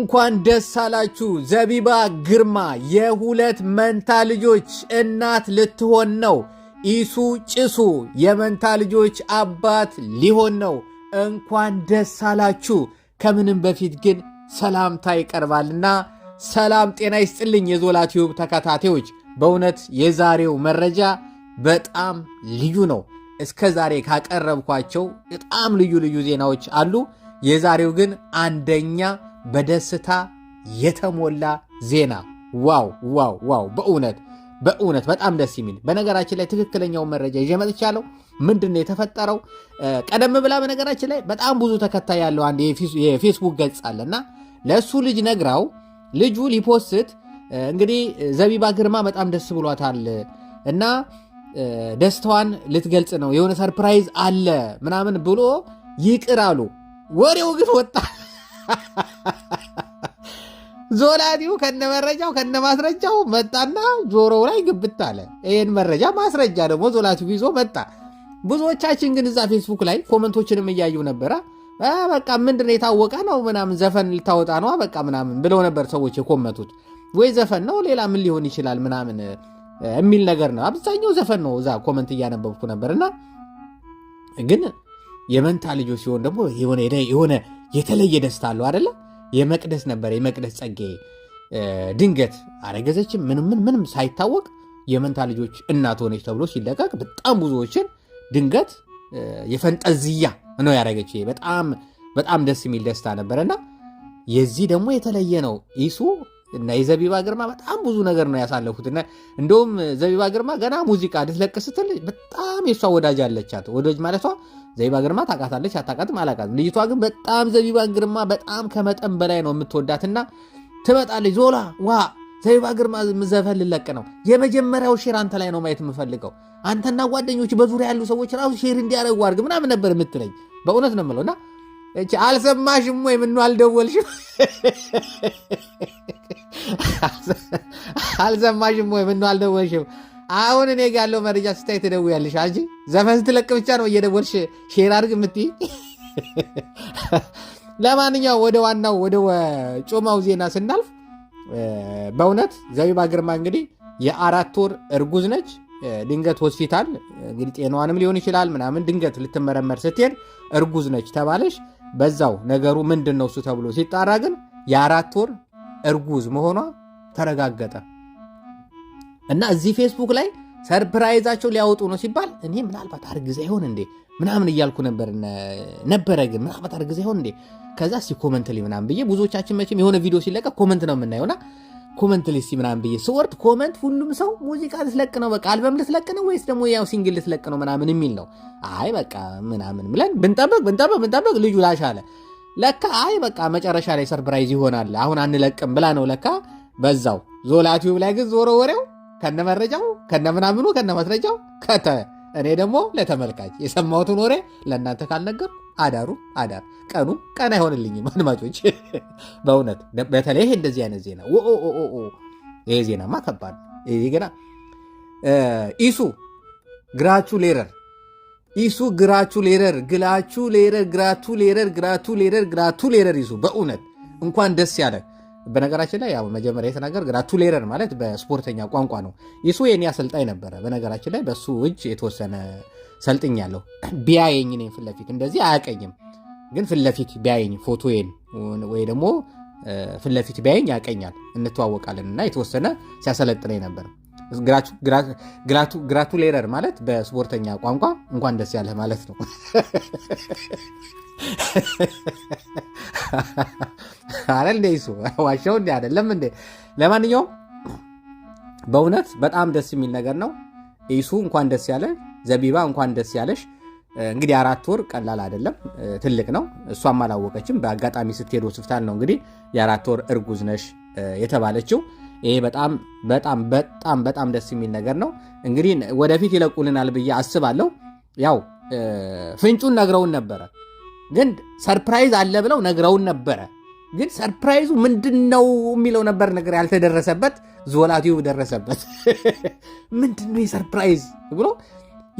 እንኳን ደስ አላችሁ። ዘቢባ ግርማ የሁለት መንታ ልጆች እናት ልትሆን ነው። ኢሱ ጭሱ የመንታ ልጆች አባት ሊሆን ነው። እንኳን ደስ አላችሁ። ከምንም በፊት ግን ሰላምታ ይቀርባልና ሰላም ጤና ይስጥልኝ የዞላ ቲዩብ ተከታታዮች። በእውነት የዛሬው መረጃ በጣም ልዩ ነው። እስከ ዛሬ ካቀረብኳቸው በጣም ልዩ ልዩ ዜናዎች አሉ። የዛሬው ግን አንደኛ በደስታ የተሞላ ዜና። ዋው ዋው ዋው! በእውነት በእውነት በጣም ደስ የሚል በነገራችን ላይ ትክክለኛውን መረጃ ይዤ መጥቻለሁ። ምንድን ነው የተፈጠረው? ቀደም ብላ በነገራችን ላይ በጣም ብዙ ተከታይ ያለው አንድ የፌስቡክ ገጽ እና ለእሱ ልጅ ነግራው ልጁ ሊፖስት እንግዲህ ዘቢባ ግርማ በጣም ደስ ብሏታል እና ደስታዋን ልትገልጽ ነው የሆነ ሰርፕራይዝ አለ ምናምን ብሎ ይቅር አሉ። ወሬው ግን ወጣ። ዞላዲው ከነመረጃው ማስረጃው መጣና ጆሮው ላይ ግብት አለ። ይህን መረጃ ማስረጃ ደግሞ ዞላቲው ይዞ መጣ። ብዙዎቻችን ግን እዛ ፌስቡክ ላይ ኮመንቶችንም እያዩ ነበረ። በቃ ምንድነው የታወቀ ነው ምናምን ዘፈን ልታወጣ ነዋ በቃ ምናምን ብለው ነበር ሰዎች የኮመቱት። ወይ ዘፈን ነው ሌላ ምን ሊሆን ይችላል ምናምን የሚል ነገር ነው። አብዛኛው ዘፈን ነው። እዛ ኮመንት እያነበብኩ ነበር እና ግን የመንታ ልጆች ሲሆን ደግሞ የሆነ የተለየ ደስታ አለው አደለ? የመቅደስ ነበር የመቅደስ ጸጌ ድንገት አረገዘችም ምንም ምንም ሳይታወቅ የመንታ ልጆች እናት ሆነች ተብሎ ሲለቀቅ በጣም ብዙዎችን ድንገት የፈንጠዝያ ነው ያደረገች። በጣም በጣም ደስ የሚል ደስታ ነበረና የዚህ ደግሞ የተለየ ነው ኢሱ እና የዘቢባ ግርማ በጣም ብዙ ነገር ነው ያሳለፉት። እና እንደውም ዘቢባ ግርማ ገና ሙዚቃ ልትለቅ ስትል በጣም የእሷ ወዳጅ አለቻት። ወዳጅ ማለቷ ዘቢባ ግርማ ታውቃታለች፣ አታውቃትም፣ አላውቃትም። ልጅቷ ግን በጣም ዘቢባ ግርማ በጣም ከመጠን በላይ ነው የምትወዳትና ትመጣለች። ዞላ ዋ ዘቢባ ግርማ ዘፈን ልለቅ ነው፣ የመጀመሪያው ሼር አንተ ላይ ነው ማየት የምፈልገው፣ አንተና ጓደኞች በዙሪያ ያሉ ሰዎች ራሱ ሼር እንዲያደርጉ አድርግ ምናምን ነበር የምትለኝ። በእውነት ነው የምለው እና አልሰማሽም ወይ? ምነው አልደወልሽም? አልሰማሽም ወይ? ምነው አልደወልሽም? አሁን እኔ ጋ ያለው መረጃ ስታይ ትደውያለሽ። አንቺ ዘፈን ስትለቅ ብቻ ነው እየደወልሽ ሼር አድርግ የምትይ። ለማንኛውም ወደ ዋናው ወደ ጮማው ዜና ስናልፍ በእውነት ዘቢባ ግርማ እንግዲህ የአራት ወር እርጉዝ ነች። ድንገት ሆስፒታል እንግዲህ ጤናዋንም ሊሆን ይችላል ምናምን ድንገት ልትመረመር ስትሄድ እርጉዝ ነች ተባለች። በዛው ነገሩ ምንድን ነው እሱ ተብሎ ሲጣራ ግን የአራት ወር እርጉዝ መሆኗ ተረጋገጠ እና እዚህ ፌስቡክ ላይ ሰርፕራይዛቸው ሊያወጡ ነው ሲባል እኔ ምናልባት አርግዛ ይሆን እንዴ ምናምን እያልኩ ነበር ነበረ ግን ምናልባት አርግዛ ይሆን እንዴ ከዛ ሲ ኮመንት ላይ ምናምን ብዬ ብዙዎቻችን መቼም የሆነ ቪዲዮ ሲለቀ ኮመንት ነው የምናየውና ኮመንት ላይ ምናምን ብዬ ስወርድ ኮመንት ሁሉም ሰው ሙዚቃ ልትለቅ ነው በቃ አልበም ልትለቅ ነው ወይስ ደግሞ ያው ሲንግል ልትለቅ ነው ምናምን የሚል ነው። አይ በቃ ምናምን ብለን ብንጠብቅ ብንጠብቅ ብንጠበቅ ልጁ ላሻለ ለካ አይ በቃ መጨረሻ ላይ ሰርፕራይዝ ይሆናል አሁን አንለቅም ብላ ነው ለካ በዛው ዞላቲዩብ ላይ ግን ዞሮ ወሬው ምናምኑ ከነ ከነመስረጃው ከተ እኔ ደግሞ ለተመልካች የሰማሁትን ወሬ ለእናንተ ካልነገር አዳሩ አዳር ቀኑ ቀን አይሆንልኝም። አድማጮች በእውነት በተለይ ይሄ እንደዚህ አይነት ዜና ይሄ ዜናማ ከባድ ይሄ ገና ኢሱ ግራቹ ሌረር ኢሱ ግራቹ ሌረር ግላቹ ሌረር ግራቱ ሌረር ግራቱ ሌረር ግራቱ ሌረር ይሱ በእውነት እንኳን ደስ ያለ በነገራችን ላይ ያው መጀመሪያ የተናገር ግራቱሌረን ማለት በስፖርተኛ ቋንቋ ነው። ይሱ የኔ አሰልጣኝ ነበረ። በነገራችን ላይ በሱ እጅ የተወሰነ ሰልጥኛለሁ። ቢያየኝ እኔን ፊት ለፊት እንደዚህ አያቀኝም፣ ግን ፊት ለፊት ቢያየኝ ፎቶዬን ወይ ደግሞ ፊት ለፊት ቢያየኝ ያቀኛል፣ እንተዋወቃለን እና የተወሰነ ሲያሰለጥነኝ ነበር። ግራቱሌረር ማለት በስፖርተኛ ቋንቋ እንኳን ደስ ያለህ ማለት ነው። አረ እንደ ይሱ ዋሻው እንዲ አይደለም እንዴ? ለማንኛውም በእውነት በጣም ደስ የሚል ነገር ነው። ይሱ እንኳን ደስ ያለ፣ ዘቢባ እንኳን ደስ ያለሽ። እንግዲህ አራት ወር ቀላል አይደለም፣ ትልቅ ነው። እሷም አላወቀችም። በአጋጣሚ ስትሄዱ ስፍታል ነው እንግዲህ የአራት ወር እርጉዝ ነሽ የተባለችው። ይሄ በጣም በጣም በጣም በጣም ደስ የሚል ነገር ነው። እንግዲህ ወደፊት ይለቁልናል ብዬ አስባለሁ። ያው ፍንጩን ነግረውን ነበረ፣ ግን ሰርፕራይዝ አለ ብለው ነግረውን ነበረ ግን ሰርፕራይዙ ምንድን ነው የሚለው ነበር ነገር ያልተደረሰበት። ዞላቲው ደረሰበት። ምንድን ነው የሰርፕራይዝ ብሎ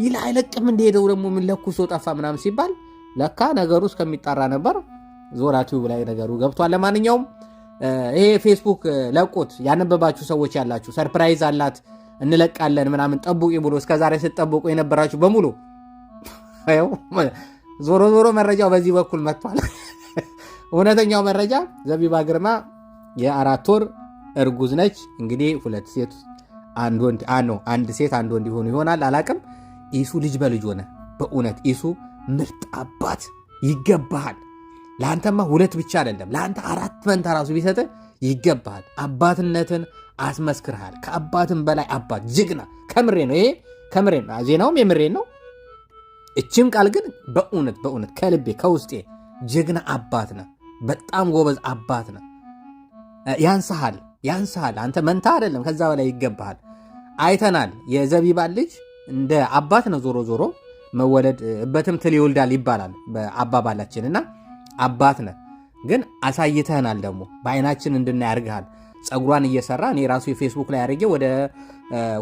ይላ አይለቅም እንደሄደው ደግሞ ምን ለኩሶ ጠፋ ምናምን ሲባል ለካ ነገሩ እስከሚጣራ ነበር። ዞላቲው ላይ ነገሩ ገብቷል። ለማንኛውም ይሄ ፌስቡክ ለቁት ያነበባችሁ ሰዎች ያላችሁ ሰርፕራይዝ አላት እንለቃለን ምናምን ጠብቁ ብሎ እስከዛሬ ስትጠብቁ የነበራችሁ በሙሉ ዞሮ ዞሮ መረጃው በዚህ በኩል መጥቷል። እውነተኛው መረጃ ዘቢባ ግርማ የአራት ወር እርጉዝ ነች። እንግዲህ ሁለት ሴት አንድ ወንድ ነው፣ አንድ ሴት አንድ ወንድ ይሆኑ ይሆናል አላቅም። ኢሱ ልጅ በልጅ ሆነ። በእውነት ኢሱ ምርጥ አባት ይገባሃል። ለአንተማ ሁለት ብቻ አይደለም ለአንተ አራት መንታ ራሱ ቢሰጥ ይገባሃል። አባትነትን አስመስክርሃል። ከአባትን በላይ አባት ጅግና፣ ከምሬ ነው ይሄ ከምሬ ነው። ዜናውም የምሬን ነው። እችም ቃል ግን በእውነት በእውነት ከልቤ ከውስጤ ጀግና አባት ነው። በጣም ጎበዝ አባት ነው። ያንስሃል ያንስሃል። አንተ መንታ አይደለም፣ ከዛ በላይ ይገባሃል። አይተናል። የዘቢባን ልጅ እንደ አባት ነው ዞሮ ዞሮ መወለድ እበትም ትል ይወልዳል ይባላል በአባባላችን እና አባት ነህ ግን አሳይተህናል ደግሞ በአይናችን እንድናያርግሃል። ጸጉሯን እየሰራ እኔ ራሱ የፌስቡክ ላይ አድርጌ ወደ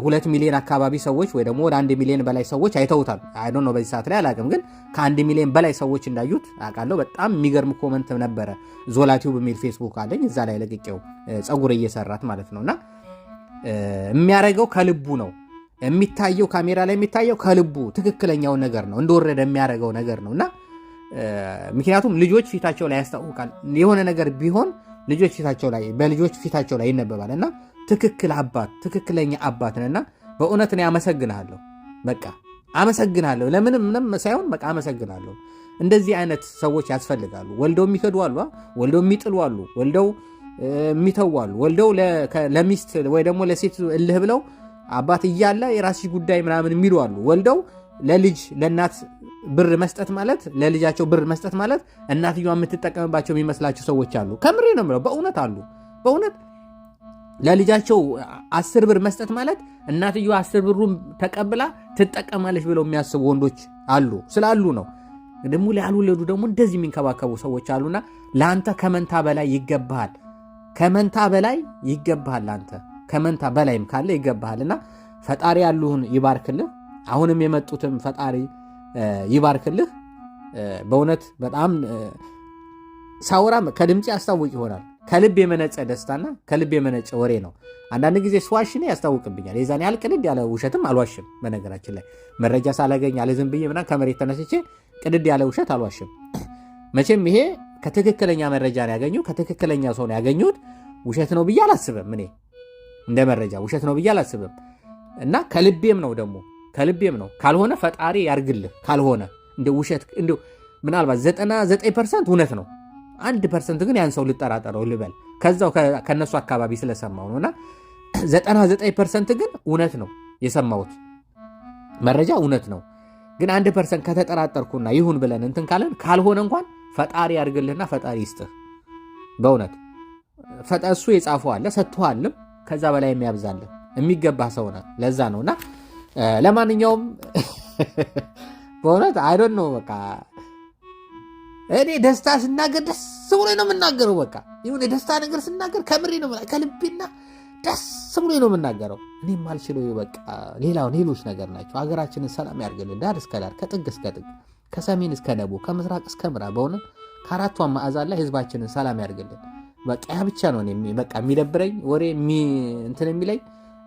ሁለት ሚሊዮን አካባቢ ሰዎች ወይ ደግሞ ወደ አንድ ሚሊዮን በላይ ሰዎች አይተውታል። አይዶ ነው በዚህ ሰዓት ላይ አላውቅም፣ ግን ከአንድ ሚሊዮን በላይ ሰዎች እንዳዩት አውቃለሁ። በጣም የሚገርም ኮመንት ነበረ። ዞላቲው በሚል ፌስቡክ አለኝ፣ እዛ ላይ ለቅቄው ጸጉር እየሰራት ማለት ነው። እና የሚያደርገው ከልቡ ነው የሚታየው፣ ካሜራ ላይ የሚታየው ከልቡ ትክክለኛው ነገር ነው፣ እንደወረደ የሚያደርገው ነገር ነው እና ምክንያቱም ልጆች ፊታቸው ላይ ያስታውቃል የሆነ ነገር ቢሆን ልጆች ፊታቸው ላይ በልጆች ፊታቸው ላይ ይነበባል እና ትክክል አባት ትክክለኛ አባት ነና በእውነት እኔ አመሰግንሃለሁ። በቃ አመሰግናለሁ። ለምንም ሳይሆን በቃ አመሰግናለሁ። እንደዚህ አይነት ሰዎች ያስፈልጋሉ። ወልደው የሚከዱ አሉ፣ ወልደው የሚጥሉ አሉ፣ ወልደው የሚተዋሉ ወልደው ለሚስት ወይ ደግሞ ለሴት እልህ ብለው አባት እያለ የራስሽ ጉዳይ ምናምን የሚሉ አሉ፣ ወልደው ለልጅ ለእናት ብር መስጠት ማለት ለልጃቸው ብር መስጠት ማለት እናትየዋ የምትጠቀምባቸው የሚመስላቸው ሰዎች አሉ። ከምሬ ነው የምለው። በእውነት አሉ። በእውነት ለልጃቸው አስር ብር መስጠት ማለት እናትየዋ አስር ብሩን ተቀብላ ትጠቀማለች ብለው የሚያስቡ ወንዶች አሉ። ስላሉ ነው ደግሞ ያልወለዱ ደግሞ እንደዚህ የሚንከባከቡ ሰዎች አሉና ለአንተ ከመንታ በላይ ይገባሃል። ከመንታ በላይ ይገባሃል። ለአንተ ከመንታ በላይም ካለ ይገባሃል እና ፈጣሪ ያሉህን ይባርክልህ። አሁንም የመጡትም ፈጣሪ ይባርክልህ። በእውነት በጣም ሳውራ ከድምፅ ያስታውቅ ይሆናል። ከልብ የመነጨ ደስታና ከልብ የመነጨ ወሬ ነው። አንዳንድ ጊዜ ስዋሽን ያስታውቅብኛል። የዛን ያህል ቅድድ ያለ ውሸትም አልዋሽም። በነገራችን ላይ መረጃ ሳላገኝ ያለ ዝም ብዬ ምናምን ከመሬት ተነስቼ ቅድድ ያለ ውሸት አልዋሽም። መቼም ይሄ ከትክክለኛ መረጃ ነው ያገኙ ከትክክለኛ ሰው ነው ውሸት ነው ብዬ አላስብም። እኔ እንደ መረጃ ውሸት ነው ብዬ አላስብም እና ከልቤም ነው ደግሞ ከልቤም ነው። ካልሆነ ፈጣሪ ያርግልህ። ካልሆነ እንደ ውሸት እንደ ምናልባት 99 ፐርሰንት እውነት ነው፣ አንድ ፐርሰንት ግን ያን ሰው ልጠራጠረው ልበል ከዛው ከነሱ አካባቢ ስለሰማው ነው። እና 99 ፐርሰንት ግን እውነት ነው የሰማሁት መረጃ እውነት ነው። ግን አንድ ፐርሰንት ከተጠራጠርኩና ይሁን ብለን እንትን ካለን ካልሆነ እንኳን ፈጣሪ ያርግልህና ፈጣሪ ይስጥህ። በእውነት እሱ የጻፈው አለ ሰጥቶሃልም፣ ከዛ በላይ የሚያብዛልህ የሚገባ ሰው ነህ። ለዛ ነውና ለማንኛውም በእውነት አይዶን ነው በቃ እኔ ደስታ ስናገር ደስ ብሎ ነው የምናገረው። በቃ ይሁን የደስታ ነገር ስናገር ከምሬ ነው ከልቤና ደስ ብሎ ነው የምናገረው። እኔ ማልችለው በቃ ሌላው ሌሎች ነገር ናቸው። ሀገራችንን ሰላም ያርግልን ዳር እስከ ዳር ከጥግ እስከ ጥግ ከሰሜን እስከ ደቡብ ከምስራቅ እስከ ምዕራብ በሆነ ከአራቱ ማዕዛን ላይ ህዝባችንን ሰላም ያርግልን። በቃ ያ ብቻ ነው በቃ የሚደብረኝ ወሬ እንትን የሚለኝ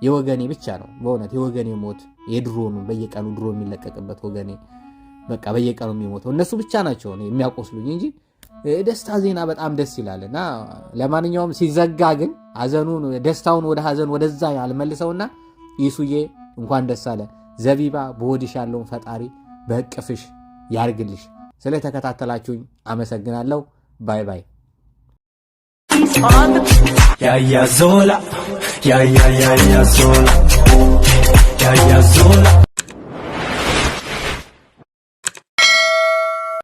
የወገኔ ብቻ ነው በእውነት የወገኔ ሞት የድሮኑ በየቀኑ ድሮ የሚለቀቅበት ወገኔ በቃ በየቀኑ የሚሞተው እነሱ ብቻ ናቸው የሚያቆስሉኝ እንጂ ደስታ ዜና በጣም ደስ ይላል። እና ለማንኛውም ሲዘጋ ግን ሐዘኑን ደስታውን ወደ ሀዘን ወደዛ ያልመልሰውና ይሱዬ እንኳን ደስ አለ ዘቢባ በወድሽ ያለውን ፈጣሪ በእቅፍሽ ያርግልሽ። ስለተከታተላችሁኝ አመሰግናለሁ። ባይ ባይ። ያያዞላ Ya, ya, ya, ya sola. Ya, ya sola.